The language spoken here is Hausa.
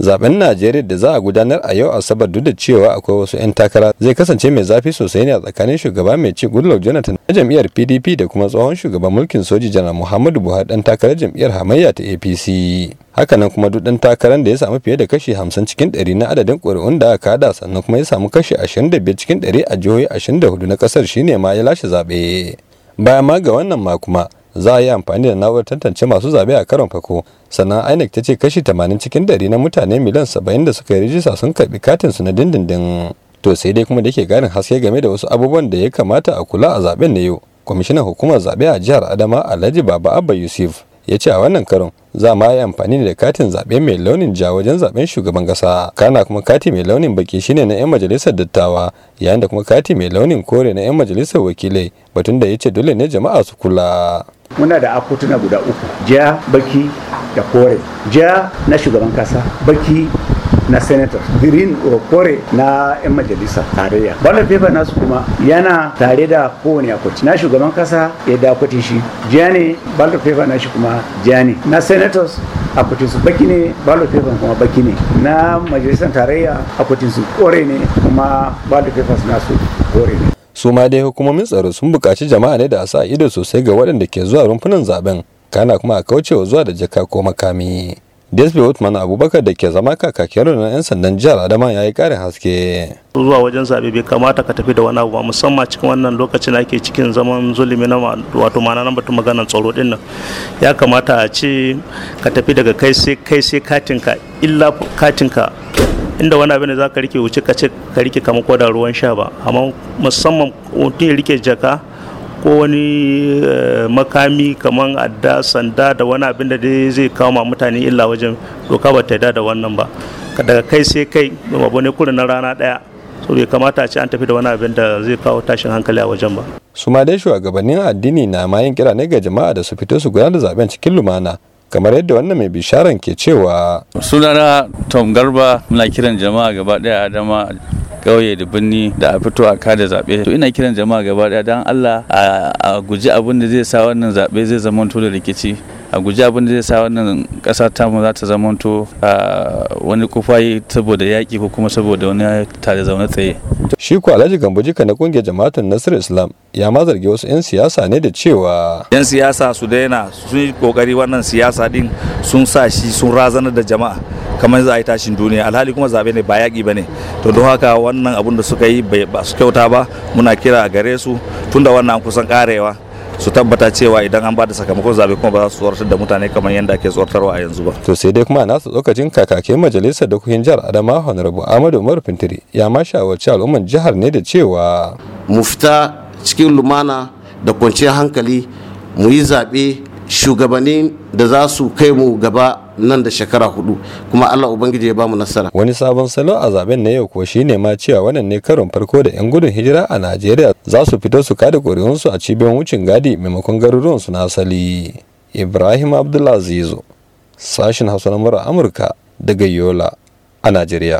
zaben najeriya da za a gudanar a yau asabar duk da cewa akwai wasu 'yan takara zai kasance mai zafi sosai ne a tsakanin shugaba mai ci goodluck jonathan na jam'iyyar pdp da kuma tsohon shugaban mulkin soji janar muhammadu buhari dan takarar jam'iyyar hamayya ta apc hakanan kuma duk dan takarar da ya samu fiye da kashi 50 cikin 100 na adadin ƙuri'un da aka kada sannan kuma ya samu kashi 25 cikin 100 a jihohi 24 na kasar shine ma ya lashe zaɓe bayan ma ga wannan ma kuma za a yi amfani da na'urar tantance masu zaɓe a karon farko sannan inec ta ce kashi 80 cikin dari na mutane miliyan saba'in da suka yi rijista sun karɓi katin su na dindindin to sai dai kuma da ke ganin haske game da wasu abubuwan da ya kamata a kula a zaben na yau kwamishinan hukumar Zaɓe a jihar adama alhaji baba abba yusuf ya ce a wannan karon za ma yi amfani da katin zaɓe mai launin ja wajen zaɓen shugaban ƙasa kana kuma kati mai launin baki shine na 'yan majalisar dattawa yayin da kuma kati mai launin kore na 'yan majalisar wakilai batun da ya ce dole ne jama'a su kula muna da akutuna guda uku ja baki da kore ja na shugaban kasa baki na senator green kore na 'yan majalisa tarayya ballot paper nasu kuma yana tare da kowane akwati na shugaban kasa ya da akwati shi ja ne ballot paper nashi kuma ja ne na senators akwatin su baki ne ballot paper kuma baki ne na majalisar tarayya akwatin su kore ne kuma ballot papers nasu kore ne su ma dai hukumomin tsaro sun bukaci jama'a ne da a sa ido sosai ga waɗanda ke zuwa rumfunan zaben kana kuma a kaucewa zuwa da jaka ko makami Desbe hotman Abubakar da ke zama kakakin na 'yan sandan jihar Adama ya yi ƙarin haske. Zuwa wajen zaɓe bai kamata ka tafi da wani abu musamman cikin wannan lokacin ake cikin zaman zulumi na wato ma'ana na batun maganar tsaro din nan. Ya kamata a ce ka tafi daga kai sai kai sai katinka illa katinka inda wani abin da za ka rike wuce ka ce ka rike kamar koda ruwan sha ba amma musamman mutum ya rike jaka ko wani eh, makami kamar adda sanda da wani abin da dai zai kawo ma mutane illa wajen doka ba ta da wannan ba daga kai sai kai babu ne kurin na rana daya so bai kamata a ce an tafi da wani abin da zai kawo tashin hankali a wajen ba su ma dai shugabannin addini na mayin kira ne ga jama'a da su fito su gudanar da zaben cikin lumana kamar yadda wannan mai bisharan ke cewa sunana tom garba muna kiran jama'a gaba daya adama kauye da birni da a fito a kada zaɓe to ina kiran jama'a gaba daya don allah a guji abin da zai sa wannan zaɓe zai zama da rikici a guji abin da zai sa wannan ƙasa ta mu za ta a wani kufayi saboda yaƙi ko kuma saboda wani tare zaune tsaye. Shi ko Alhaji ka na kungiyar jama'atun Nasir Islam ya ma zargi wasu 'yan siyasa ne da cewa. 'Yan siyasa su daina sun yi kokari wannan siyasa din sun sa shi sun razanar da jama'a kamar za a yi tashin duniya alhali kuma zaɓe ne ba yaƙi ba ne to don haka wannan abun da suka yi ba su kyauta ba muna kira a gare su tunda wannan kusan karewa su tabbata cewa idan an bada sakamakon zaɓe kuma ba za su tsoratar da mutane kamar yadda ake tsoratarwa a yanzu ba to sai dai kuma nasu lokacin kakakin majalisar da kuhin jihar adama honorable ahmadu umar fintiri ya ma shawarci al'umman jihar ne da cewa mu fita cikin lumana da kwanciyar hankali mu yi zaɓe shugabanni da za su kai mu gaba nan da shekara hudu kuma Allah Ubangiji ya ba mu nasara. Wani sabon salo a zaben na yau kuwa shine ma cewa wannan ne karon farko da 'yan gudun hijira a Najeriya za su fito su kada ƙuri'unsu a cibiyar wucin gadi maimakon garuruwan su na asali. Ibrahim Abdulaziz sashin Hausa na Amurka daga Yola a Najeriya.